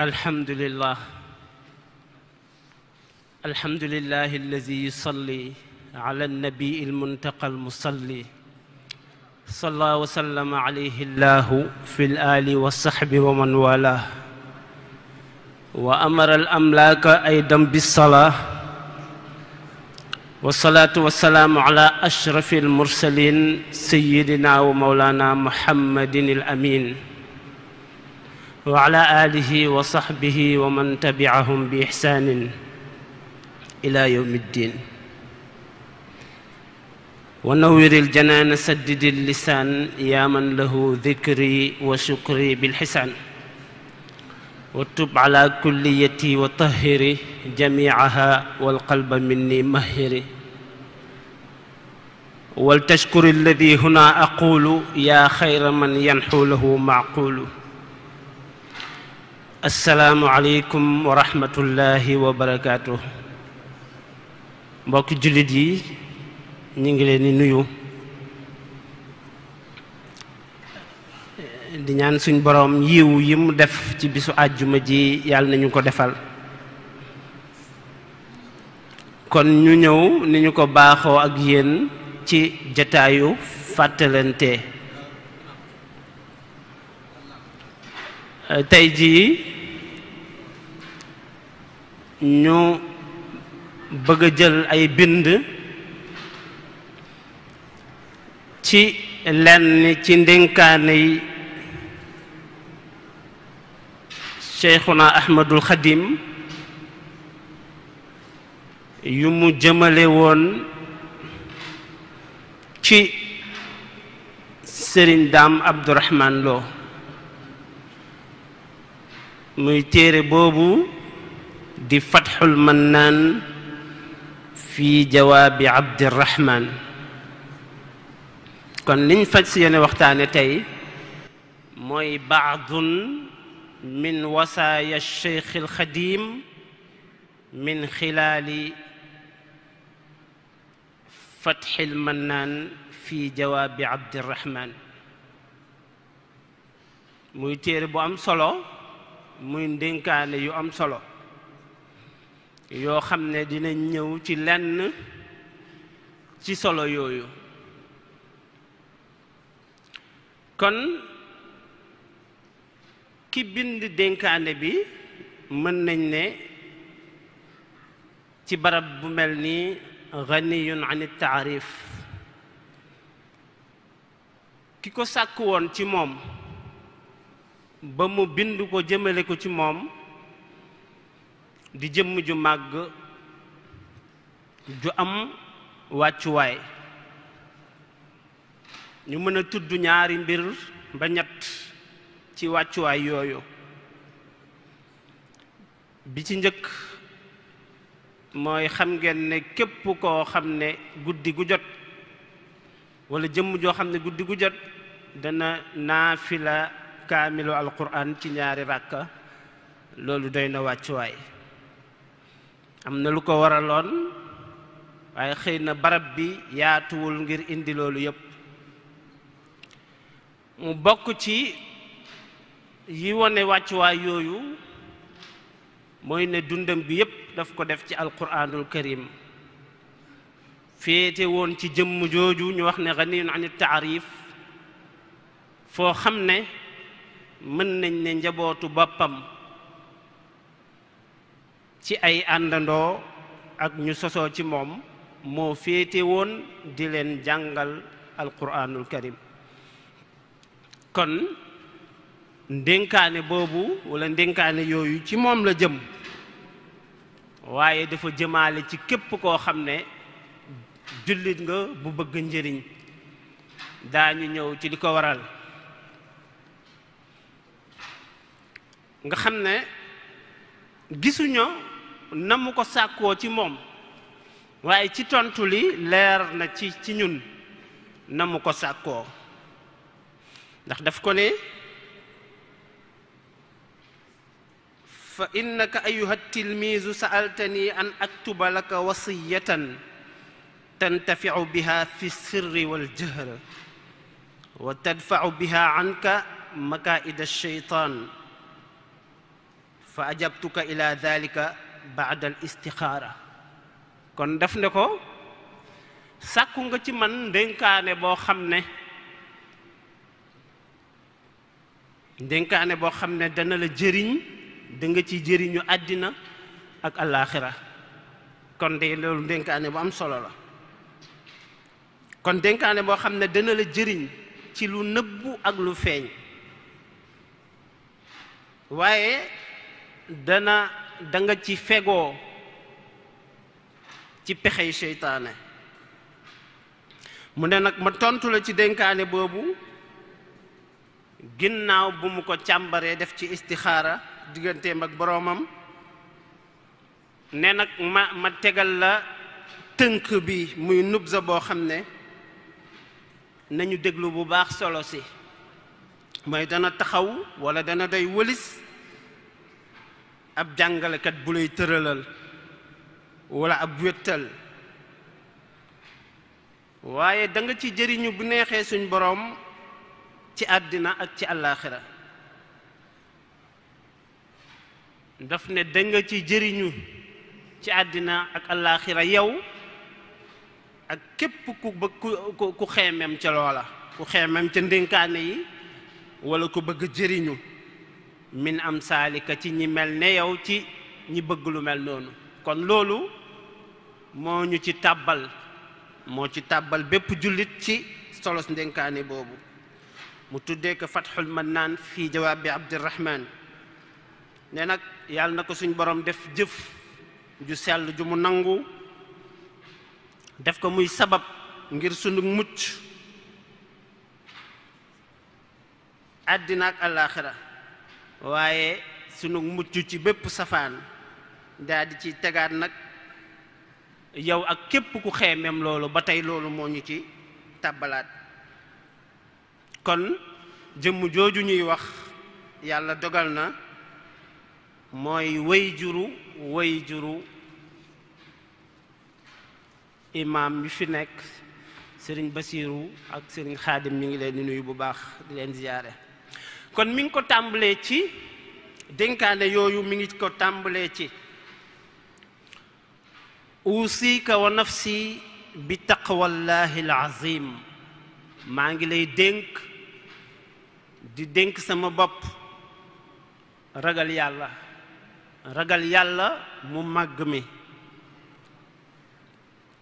الحمد لله الحمد لله الذي يصلي على النبي المنتقى المصلي صلى وسلم عليه الله في الآل والصحب ومن والاه وأمر الأملاك أيضا بالصلاة والصلاة والسلام على أشرف المرسلين سيدنا ومولانا محمد الأمين waala alihi wa saxbihi wa man tabiahum bi ixsaanin ila yowmi ddin wa nawiril janaana saddidil lisaan yaa man lahu dikri wa shukri bilxisaan wa tub ala kulliyati wa tahiri jamiaha walqalba minni mahiri wal tashkuri alladi huna aqulu yaa xayra man yanxu lahu maaqulu asalaamualeykum wa rahmatullahi wa barakaatu mbokki jullit yi ñu ngi leen di nuyu di ñaan suñ boroom yiw yi mu def ci bisu àjjuma ji yàlla nañu ko defal kon ñu ñëw ni ñu ko baaxoo ak yeen ci jataayu fàttalante tey jii ñu bëgg a jël ay bind ci lenn ci ndénkaane yi Cheikhuna Ahmadul Xadim yu mu jëmale woon ci Sëriñ Daam Abdurahman Lo muy téere boobu di fatxul mannaan fi jawaabi abdirahman kon liñ faj si yéene waxtaane tey mooy baadun min wasaaya cheikh alxadim min xilaali fatxil mannaan fi jawaabi abdirahman muy téere bu am solo muy ndénkaane yu am solo yoo xam ne dinañ ñëw ci lenn ci solo yooyu kon ki bind dénkaane bi mën nañ ne ci barab bu mel ni ganiyun an taarif ki ko sàkk woon ci moom ba mu bind ko jëmale ko ci moom di jëmm ju màgg ju am wàccuwaay ñu mën a tudd ñaari mbir ba ñett ci wàccuwaay yooyu bi ci njëkk mooy xam ngeen ne képp koo xam ne guddi gu jot wala jëmm joo xam ne guddi gu jot dana naafila kaamilu alquran ci ñaari ràkka loolu doy na wàccuwaay am na lu ko waraloon waaye xëy na barab bi yaatuwul ngir indi loolu yépp mu bokk ci yi wone wàccuwaay yooyu mooy ne dundam bi yépp daf ko def ci alquranul karim féete woon ci jëmm jooju ñu wax ne ganiyun an taarif foo xam ne mën nañ ne njabootu boppam ci ay àndandoo ak ñu sosoo ci moom moo féete woon di leen jàngal alquranul karim kon ndénkaane boobu walla ndénkaane yooyu ci moom la jëm waaye dafa jëmaale ci képp koo xam ne jullit nga bu bëgg njëriñ daañu ñëw ci li ko waral nga xam ne gisuñu na mu ko sàkkoo ci moom waaye ci tontu li leer na ci ci ñun na mu ko sàkkoo ndax daf ko ne fa innaka ayuha tilmiisu saaltani an aktuba laka wasiyatan tantafiu biha fi sirri waljahr wa tadfau biha anka makaida alcheytan fa ajabtuka ila dalika baadal istixaara kon daf ne ko sàkku nga ci man ndénkaane boo xam ne ndénkaane boo xam ne dana la jëriñ danga ci jëriñu àddina ak alaaxira kon de loolu ndénkaane bu am solo la kon dénkaane boo xam ne dana la jëriñ ci lu nëbbu ak lu feeñ waaye dana danga ci fegoo ci pexey seytaane mu ne nag ma tontu la ci dénkaane boobu ginnaaw bu mu ko càmbaree def ci istixaara digganteem ak boroomam ne nag ma ma tegal la tënk bi muy nubza boo xam ne nañu déglu bu baax solo si mooy dana taxaw walla dana doy wëlis ab jàngalekat bu lay tëralal walla ab wéttal waaye danga ci jëriñu bu neexee suñ boroom ci àddina ak ci àllaaxira daf ne da ci jëriñu ci àddina ak àllaaxira yow ak képp ku bëgg ku ku xeemem ca loola ku xeemem ca ndénkaane yi walla ko bëgg jëriñu min am saalika ci ñi mel ne yow ci ñi bëgg lu mel noonu kon loolu moo ñu ci tàbbal moo ci tàbbal bépp jullit ci solos ndénkaane boobu mu tuddee ko fatxul mannaan fii jawaabi abdirahman ne nag yàlla na ko suñu borom def jëf ju sell ju mu nangu def ko muy sabab ngir sunu mucc àddina ak alaaxira waaye sunu mucc ci bépp safaan daadi ci tegaat nag yow ak képp ku xeemeem loolu ba tey loolu moo ñu ci tàbbalaat kon jëmm jooju ñuy wax yàlla dogal na mooy way juru way juru imaam yu fi nekk sëriñ Basiiru ak sëriñ Xaadim ñu ngi leen di nuyu bu baax di leen ziyaare kon mi ngi ko tàmbalee ci dénkaane yooyu mi ngi ko tàmbalee ci usika wa nafsi bi taqwallahi alazim maa ngi lay dénk di dénk sama bopp ragal yàlla ragal yàlla mu màgg mi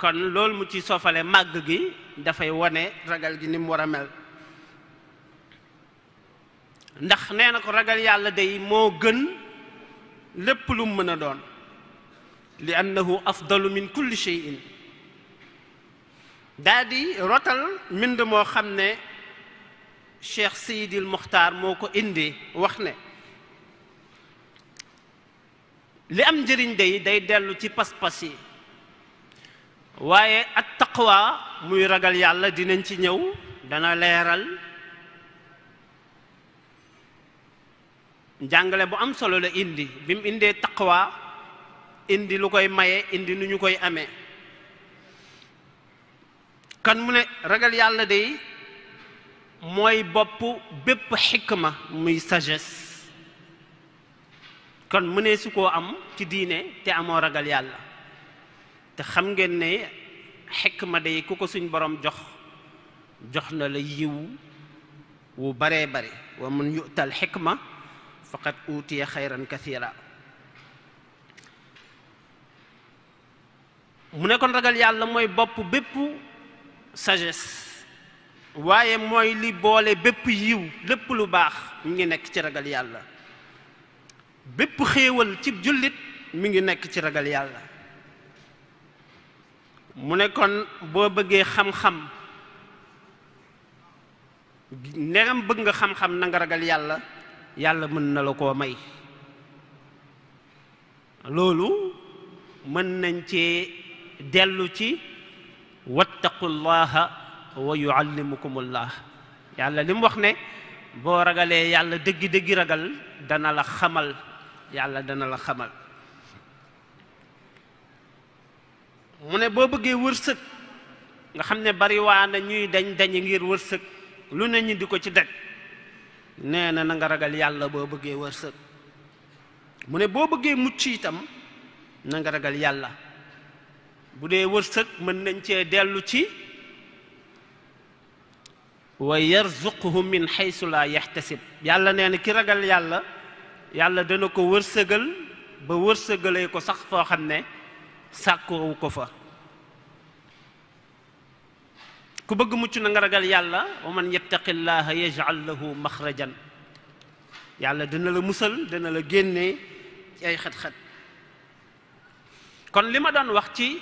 kon loolu mu ci sofale màgg gi dafay wone ragal gi ni mu war a mel ndax nee na ko ragal yàlla day moo gën lépp lu mën a doon li annahu afdalu min kulli shay'in daa rotal mbind moo xam ne cheikh seydil muxtaar moo ko indi wax ne li am njëriñ day day dellu ci pas-pas yi waaye ak taquwaa muy ragal yàlla dinañ ci ñëw dana leeral njàngale bu am solo la indi bi indee taqwa indi lu koy maye indi nu ñu koy amee kan mu ne ragal yàlla de mooy bopp bépp xikma muy sages kon mu ne su koo am ci diine te amoo ragal yàlla te xam ngeen ne xikma day ku ko suñ borom jox jox na la yiw wu baree bare wa mun yu'tal xikma faqad uutiya xayran kathira mu ne kon ragal yàlla mooy bopp bépp sagesse waaye mooy li boole bépp yiw lépp lu baax mi ngi nekk ci ragal yàlla bépp xéewal ci jullit mi ngi nekk ci ragal yàlla mu ne kon boo bëggee xam-xam ndegam bëgg nga xam-xam na nga ragal yàlla yàlla mën na la koo may loolu mën nañ cee dellu ci wattaqullaha wa yuallimukumullah yàlla li wax ne boo ragalee yàlla dëggi-dëggi ragal dana la xamal yàlla dana la xamal mu ne boo bëggee wërsëg nga xam ne bari waa na ñuy dañ dañ ngir wërsëg lu ne ñu di ko ci daj nee na na nga ragal yàlla boo bëggee wërsëg mu ne boo bëggee mucc itam na nga ragal yàlla bu dee wërsëg mën nañ cee dellu ci wa yarzuquhu min xaysu laa yaxtasib yàlla nee na ki ragal yàlla yàlla dana ko wërsëgal ba wërsëgalee ko sax foo xam ne sàkkoowu ko fa ku bëgg mucc na nga ragal yàlla wa man yattaqillaha yaj'al lahu maxrajan yàlla dina la musal dina la génne ci ay xat-xat kon li ma daan wax ci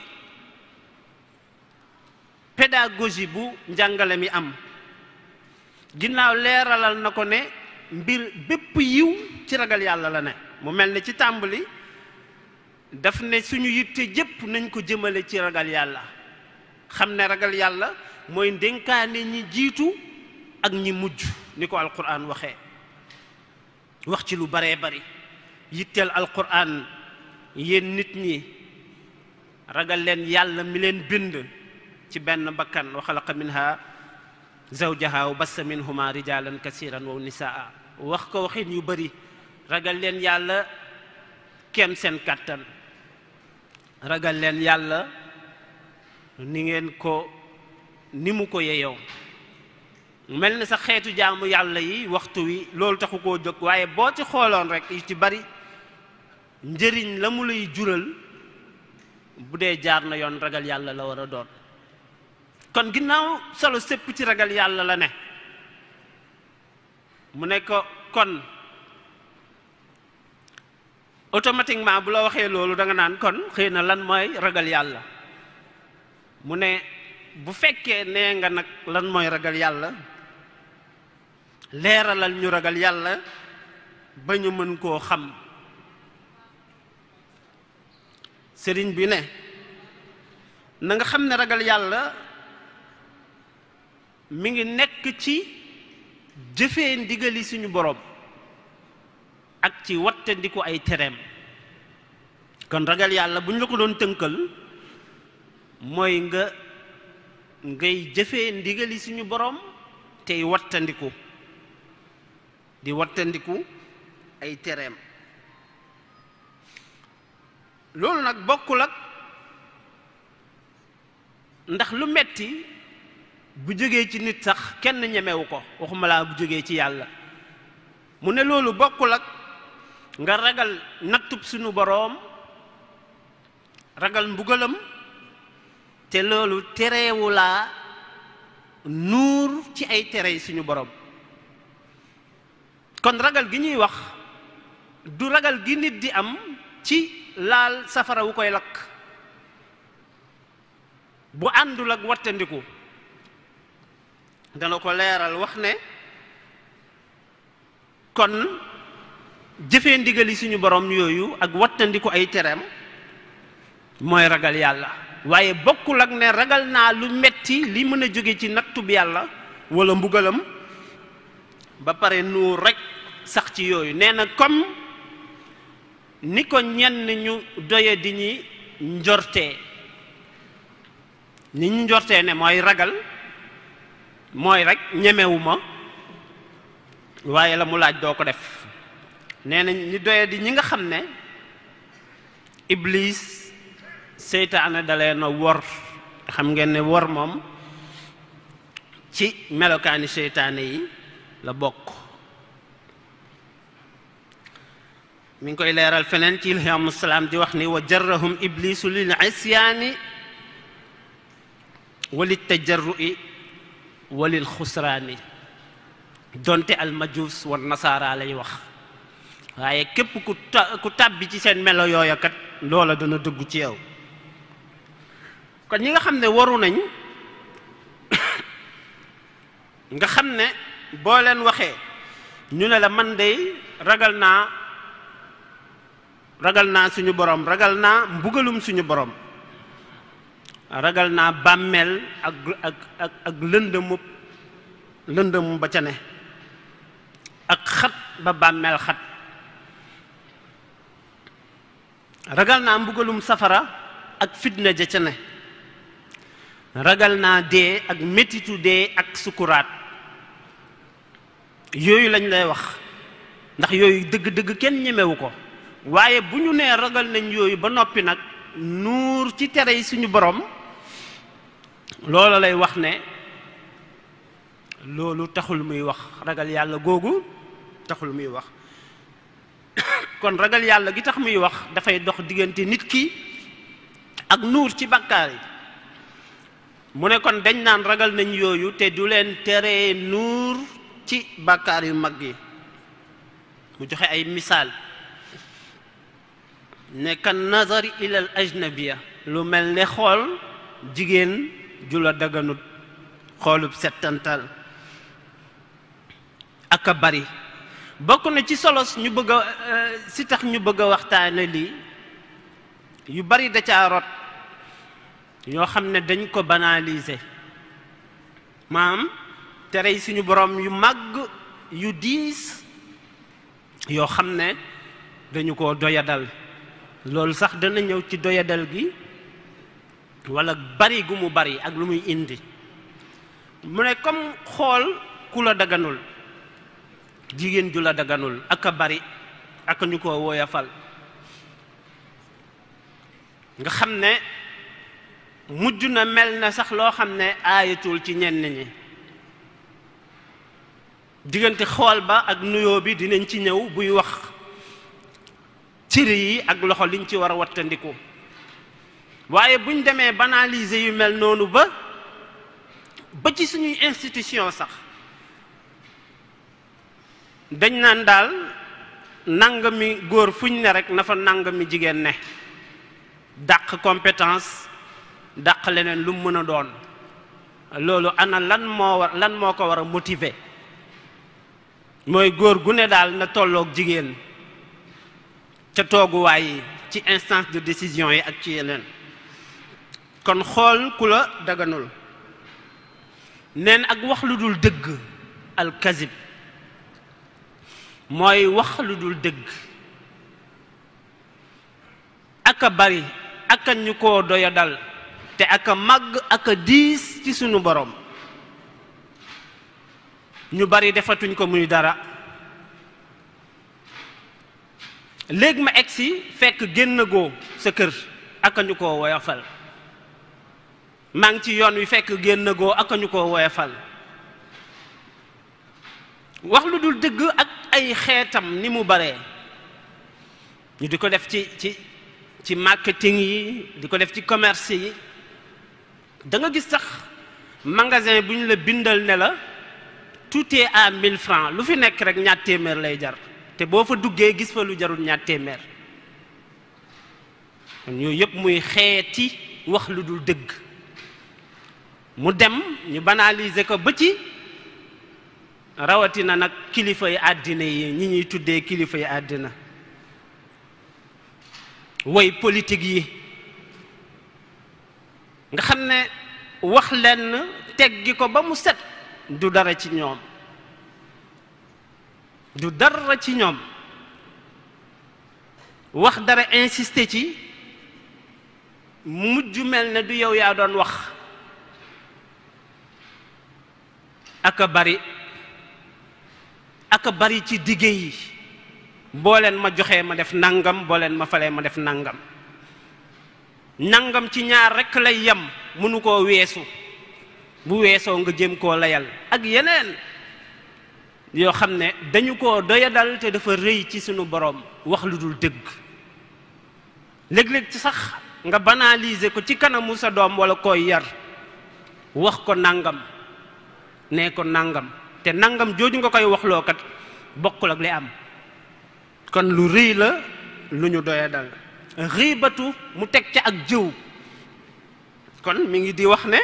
pédagogie bu njàngale mi am ginnaaw leeralal na ko ne mbir bépp yiw ci ragal yàlla la ne mu mel ne ci tàmbali daf ne suñu yitte jëpp nañ ko jëmale ci ragal yàlla xam ne ragal yàlla mooy ndénkaane ñi jiitu ak ñi mujj ni ko alquran waxee wax ci lu baree bari yitteel alquran yéen nit ñi ragal leen yàlla mi leen bind ci benn bakkan wa xalaqa minha zawjaha wa bassa minhuma rijalan kasiran wa nisaa wax ko waxin yu bari ragal leen yàlla kem seen kàttan ragal leen yàlla ni ngeen ko ni mu ko yeyoo mel na sa xeetu jaamu yàlla yi waxtu wi loolu taxu koo jóg waaye boo ci xooloon rek yi ci bari njëriñ la mu lay jural bu dee jaar na yoon ragal yàlla la war a doon kon ginnaaw solo sépp ci ragal yàlla la ne mu ne ko kon automatiquement bu la waxee loolu danga naan kon xëy na lan mooy ragal yàlla mu ne bu fekkee nee nga nag lan mooy ragal yàlla leeralal ñu ragal yàlla ba ñu mën koo xam sëriñ bi ne na nga xam ne ragal yàlla mu ngi nekk ci jëfee ndigali suñu boroom ak ci wattandiku ay tereem kon ragal yàlla bu ñu la ko doon tënkal mooy nga ngay jëfe ndigali suñu borom tey wattandiku di wattandiku ay tereem loolu nag bokkul ak ndax lu metti bu jógee ci nit sax kenn ñemewu ko waxuma laa bu jógee ci yàlla mu ne loolu bokkul ak nga ragal nattub suñu boroom ragal mbugalam te loolu terewu laa nuur ci ay tere suñu borom kon ragal gi ñuy wax du ragal gi nit di am ci laal safara wu koy lakk bu àndul ak wattandiku dana ko leeral wax ne kon jëfee ndigali suñu borom yooyu ak wattandiku ay tereem mooy ragal yàlla waaye bokkul ak ne ragal naa lu metti li mën a jóge ci nattub yàlla wala mbugalam ba pare nuur rekk sax ci yooyu nee na comme ni ko ñenn ñu doye di ñi njortee ni ñu njortee ne mooy ragal mooy rekk ñemewu waaye la mu laaj doo ko def nee ñi doye ñi nga xam ne iblis seytaane dalee na wor xam ngeen ne wor moom ci melokaani seytaane yi la bokk mi ngi koy leeral feneen ci ilhamu salaam di wax ni wa jarrahum iblisu lil isyaani walil tajarrui walil xusraani donte al majus wa nasaara lay wax waaye képp ku ta ku tàbbi ci seen melo yooya kat loola dana dëggu ci yow kon ñi nga xam ne waru nañ nga xam ne boo leen waxee ñu ne la man dey ragal naa ragal naa suñu borom ragal naa mbugalum suñu borom ragal naa bàmmeel ak ak ak ak lëndëmu ba ca ne ak xat ba bàmmeel xat ragal naa mbugalum safara ak fitna ja ca ne ragal naa dee ak métitu dee ak sukuraat yooyu lañ lay wax ndax yooyu dëgg-dëgg kenn ñemewu ko waaye bu ñu nee ragal nañ yooyu ba noppi nag nuur ci tere yi suñu boroom loola lay wax ne loolu taxul muy wax ragal yàlla googu taxul muy wax kon ragal yàlla gi tax muy wax dafay dox diggante nit ki ak nuur ci bàkkaar yi mu ne kon dañ naan ragal nañu yooyu te du leen tere nuur ci bàkkaar yu mag yi mu joxe ay misaal ne kan nazari ilal ajnabiya lu mel ne xool jigéen ju la daganut xoolub settantal ak bari bokk na ci solos ñu bëgg euh, si tax ñu bëgg a waxtaane lii yu bari da caa rot yoo xam ne dañ ko banaliser maam tere yi suñu borom yu màgg yu diis yoo xam ne dañu ko doyadal loolu sax dana ñëw ci doyadal gi walla bari gu mu bari ak lu muy indi mu ne comme xool ku la daganul jigéen ju la daganul ak bari ak ñu ko woyafal nga xam ne mujj na mel na sax loo xam ne aayatul ci ñenn ñi diggante xool ba ak nuyoo bi dinañ ci ñëw buy wax ciri yi ak loxo liñ ci war a wattandiku waaye buñ demee banaliser yu mel noonu ba ba ci suñuy institution sax dañ naan daal nangami góor fuñ ne rekk nafa fa mi jigéen ne dàq compétence dàq leneen lu mën a doon loolu ana lan moo war lan moo ko war a motiver mooy góor gu ne daal na tolloog jigéen ca tooguwaay yi ci instance de décision yi ak ci yeneen kon xool ku la daganul neen ak wax lu dul dëgg alkazib mooy wax lu dul dëgg aka bari aka ñu ko doya dal te ak a màgg ak a diis ci sunu borom ñu bari defatuñ ko muy dara léegi ma egsi fekk génn goo sa kër ak ñu koo woyofal maa ngi ci yoon wi fekk génn goo ñu koo woyofal wax lu dul dëgg ak ay xeetam ni mu baree ñu di ko def ci ci ci marketing yi di ko def ci commerce yi danga gis sax magasin bu ñu la bindal ne la tout est à francs lu fi nekk rek ñaar téeméer lay jar te boo fa duggee gis fa lu jarul ñaar téeméer kon yooyu yëpp muy xeeti wax lu dul dëgg mu dem ñu banaliser ko ba ci rawatina nag kilifay àddina yi ñi ñuy tuddee kilifay àddina woy politique yi nga xam ne wax lenn teggi ko ba mu set du dara ci ñoom du dara ci ñoom wax dara insisté ci mujj mel ne du yow yaa doon wax aka bari aka bari ci dige yi boo leen ma joxee ma def nangam boo leen ma falee ma def nangam nangam ci ñaar rekk lay yem mënu koo weesu bu weesoo nga jëm koo layal ak yeneen yoo xam ne dañu koo doyadal te dafa rëy ci sunu boroom wax lu dul dëgg léeg-léeg ci sax nga banaliser ko ci kanamu sa doom walla koy yar wax ko nangam nee ko nangam te nangam jooju nga koy waxloo kat bokkul ak li am kon lu rëy la lu ñu doyadal xiibatu mu teg ca ak jëw kon mu ngi di wax ne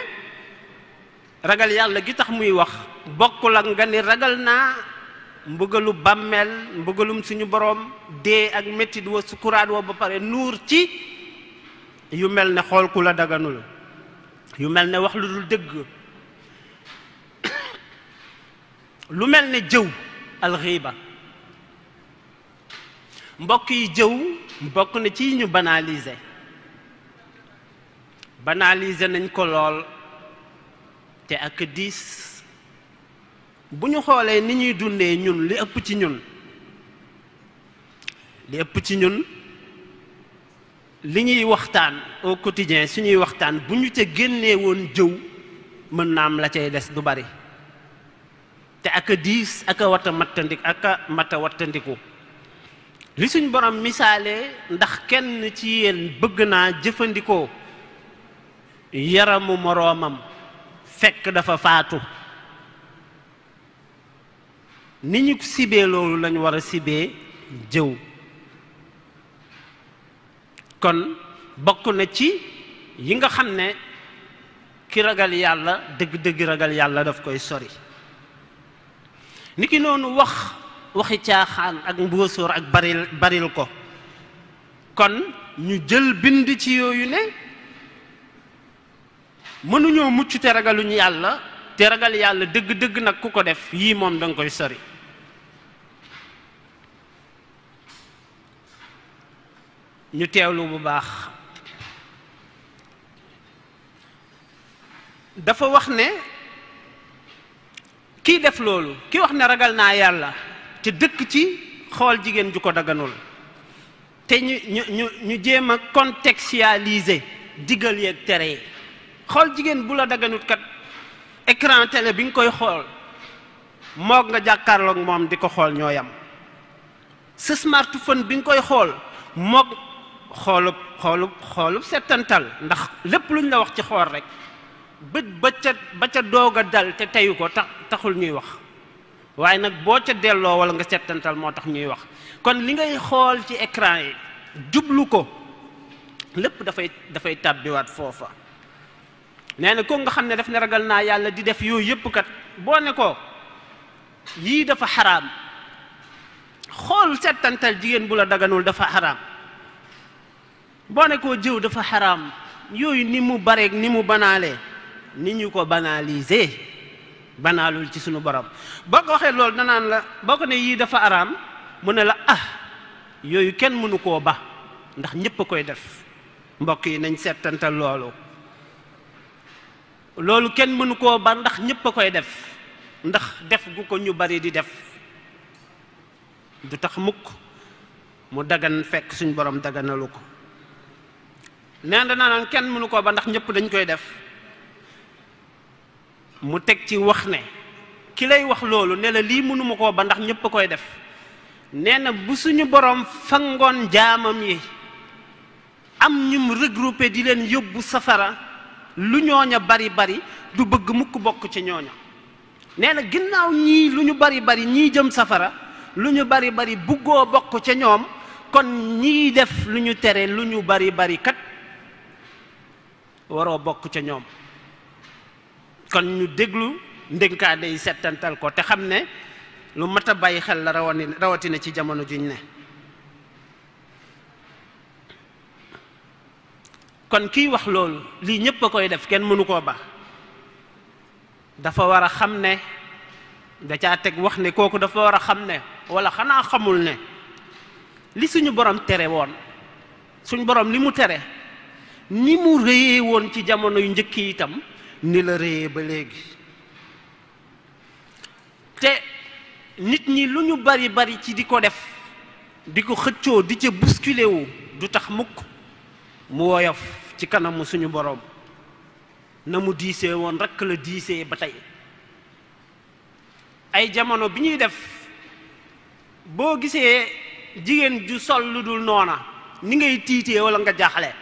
ragal yàlla gi tax muy wax bokkul ak nga ni ragal naa mbugalu bàmmeel mbugalum suñu boroom dee ak mettit wa sukuraat wa ba pare nuur ci yu mel ne xool ku la daganul yu mel ne wax lu dul dëgg lu mel ne jëw alxiiba mbokk yi jëw mbokk na ci ñu banaliser banaalise nañ ko lool te ak diis bu ñu xoolee ni ñuy dundee ñun li ëpp ci ñun li ëpp ci ñun li ñuy waxtaan au quotidien suñuy waxtaan bu ñu ca génnee jëw mën naam la cay des du bari te ak diis ak a wat a mattandik ak wattandiku li suñ borom misaale ndax kenn ci yéen bëgg naa jëfandikoo yaramu moroomam fekk dafa faatu ni ñu sibee loolu lañ war a sibee jëw kon bokk na ci yi nga xam ne ki ragal yàlla dëgg-dëgg ragal yàlla daf koy sori niki noonu wax waxi caaxaan ak mbóosóor ak baril ko kon ñu jël bind ci yooyu ne mënuñoo mucc te ragaluñu yàlla te ragal yàlla dëgg-dëgg nag ku ko def yii moom danga koy sori ñu teewlu bu baax dafa wax ne kiy def loolu ki wax ne ragal naa yàlla ca dëkk ci xool jigéen ju ko daganul te ñu ñu ñu ñu jéem a contextualiser digal yeeg tere yi xool jigéen bu la daganut kat écran télé bi nga koy xool moog nga jàkkaarloog moom di ko xool ñoo yam sa smartphone bi nga koy xool moog xoolub xoolub xoolub settantal ndax lépp lu luñ la wax ci xool rek bët ba ca ba ca doog a dal te teyu ko taxul ñuy wax waaye nag boo ca delloo wala nga setantal moo tax ñuy wax kon li ngay xool ci écran yi jublu ko lépp dafay dafay tàbbiwaat foofa nee na ko nga xam ne daf ne ragal naa yàlla di def yooyu yëpp kat boo ne ko yii dafa xaraam xool setantal jigéen bu la daganul dafa xaraam boo ne koo jëw dafa xaraam yooyu ni mu bareeg ni mu banaale ni ñu ko banaliser banaalul ci suñu borom boo ko waxee loolu danaan la boo ko ne yii dafa araam mu ne la ah yooyu kenn mënu koo ba ndax ñëpp a koy def mbokk yi nañ seetantal loolu loolu kenn mënu koo ba ndax ñëpp koy def ndax def gu ko ñu bari di def du tax mukk mu dagan fekk suñ borom daganalu ko nee na naan kenn mënu koo ba ndax ñëpp dañ koy def mu teg ci wax ne ki lay wax loolu ne la lii mënuma koo ba ndax ñépp a koy def nee na bu suñu boroom fangoon jaamam yi am ñum regroupé di leen yóbbu safara lu ñooña bari bari du bëgg mukk bokk ca ñooña nee na ginnaaw ñii lu ñu bari bari ñii jëm safara lu ñu bari bari buggoo bokk ca ñoom kon ñii def lu ñu tere lu ñu bari bari kat waroo bokk ca ñoom kon ñu déglu ndénkaane day setantal ko te xam ne lu mat a bàyyi xel la rawani rawatina ci jamono juñ ne kon kiy wax loolu lii ñépp a koy def kenn mënu koo ba dafa war a xam ne da caa teg wax ne kooku dafa war a xam ne wala xanaa xamul ne li suñu borom tere woon suñu borom li mu tere ni mu réyee woon ci jamono yu njëkk yi itam ni la réyee ba léegi te nit ñi lu ñu bari bari ci di ko def di ko xëccoo di ca bousculer du tax mukk mu woyof ci kanamu suñu boroom na mu diise woon rekk la diisee ba tey ay jamono bi ñuy def boo gisee jigéen ju sol lu dul noona ni ngay tiitee walla nga jaaxle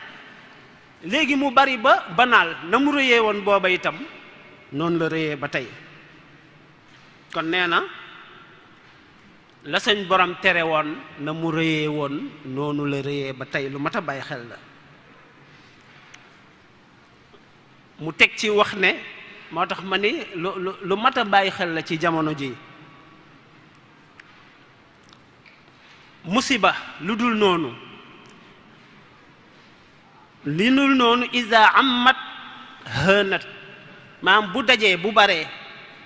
léegi mu bari ba banaal na mu rëyee woon booba itam noonu la rëyee ba tey kon nee na la sëñ borom tere woon na mu rëyee woon noonu la rëyee ba tey lu mat a bàyyi xel la mu teg ci wax ne moo tax ma ni lu lu mat a bàyyi xel la ci jamono ji musiba lu dul noonu li nul noonu isa ammat hënat maam bu dajee bu baree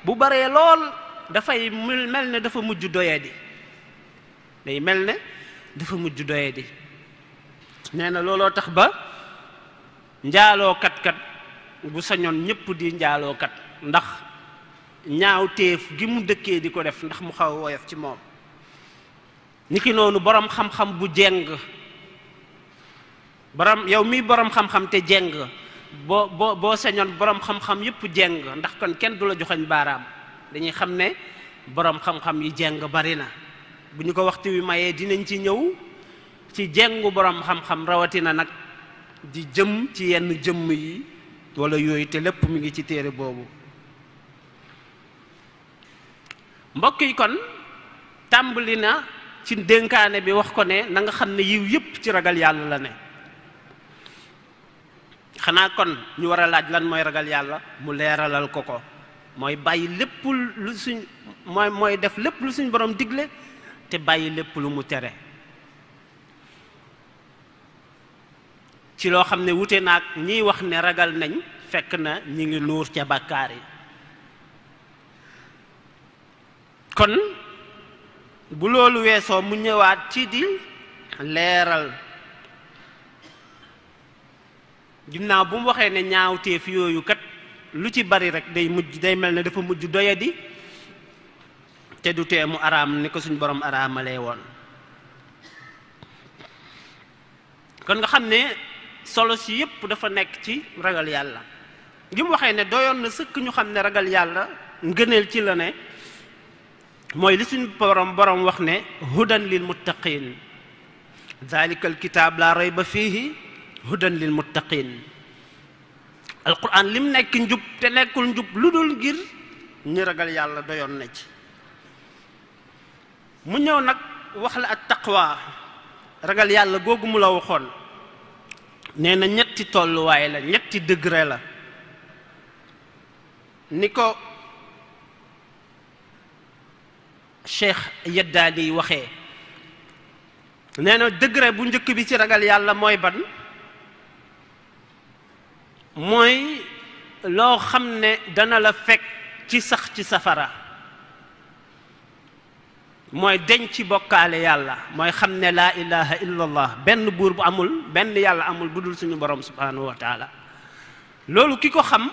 bu baree lool dafay mel ne dafa mujj doyadi day mel na dafa mujj doyadi nee na looloo tax ba njaalookat kat bu sañoon ñëpp di njaalookat ndax ñaaw téef gi mu dëkkee di ko def ndax mu xaw woyof ci moom niki noonu boroom xam-xam bu jeng borom yow mii boroom xam-xam te jeng boo boo boo sañoon borom xam-xam yëpp jeng ndax kon kenn du la joxoñ baaraam dañuy xam ne boroom xam-xam yi jeng bari na bu ñu ko waxtu wi mayee dinañ ci ñëw ci jengu borom xam-xam rawatina nag di jëm ci yenn jëmm yi wala yooyu te lépp mu ngi ci téere boobu mbokk yi kon tàmbali na ci dénkaane bi wax ko ne na nga xam ne yiw yëpp ci ragal yàlla la ne xanaa kon ñu war a laaj lan mooy ragal yàlla mu leeralal ko ko mooy bàyyi lépp lu suñ mooy mooy def lépp lu suñ borom digle te bàyyi lépp lu mu tere ci loo xam ne wute naag ñiy wax ne ragal nañ fekk na ñi ngi luur ca bàkkaar yi kon bu loolu weesoo mu ñëwaat ci di leeral ginnaaw bu mu waxee ne ñaawteef yooyu kat lu ci bari rek day mujj day mel ne dafa mujj doyadi te du tee araam ni ko suñ borom araamalee woon kon nga xam ne solo si yépp dafa nekk ci ragal yàlla gi mu waxee ne doyoon na sëkk ñu xam ne ragal yàlla ngëneel ci la ne mooy li suñ borom borom wax ne hudan lil muttaqin zalika alkitab la rayba fihi hudan lil muttaqin alquran lim nekk njub te nekkul njub lu dul ngir ñi ragal yàlla doyoon na ci mu ñëw nag wax la ak taqwa ragal yàlla googu mu la waxoon nee na ñetti tolluwaay la ñetti degré la ni ko cheikh yeddaani waxee nee na degré bu njëkk bi ci ragal yàlla mooy ban mooy loo xam ne dana la fekk ci sax ci safara mooy deñ ci bokkaale yàlla mooy xam ne laa ilaha illa benn buur bu amul benn yàlla amul bu dul suñu borom subhanahu wa taala loolu ki ko xam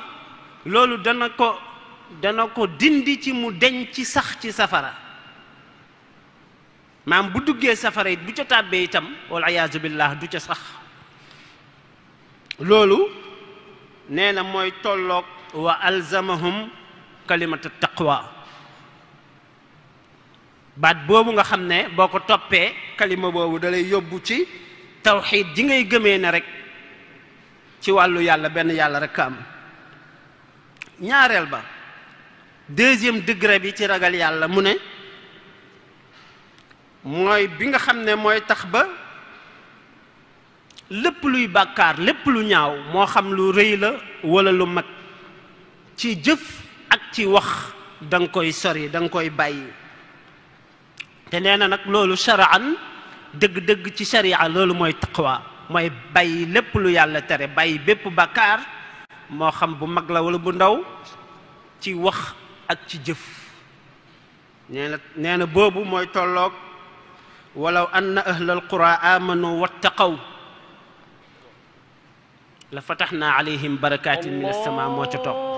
loolu dana ko dana ko dindi ci mu deñ ci sax ci safara maam bu duggee safara it bu ca tàbbee itam wal iyaazu billah du ca sax loolu nee na mooy tolloog wa alzamahum kalimatu taqwa baat boobu nga xam ne boo ko toppee kalima boobu dalay yóbbu ci tawxiit ji ngay gëmee na rek ci wàllu yàlla benn yàlla rek am ñaareel ba deuxième degré bi ci ragal yàlla mu ne mooy bi nga xam ne mooy tax ba lépp luy bàkkaar lépp lu ñaaw moo xam lu rëy la walla lu mag ci jëf ak ci wax da koy sori da nga koy bàyyi te nee na nag loolu sharaan dëgg-dëgg ci sharia loolu mooy taqwa mooy bàyyi lépp lu yàlla tere bàyyi bépp bàkkaar moo xam bu mag la wala bu ndaw ci wax ak ci jëf nee na nee na boobu mooy tolloog walaw anna ahlal qura amanu wattaqaw la fatax naa alayhim barakaatin min as-samaa moo ca topp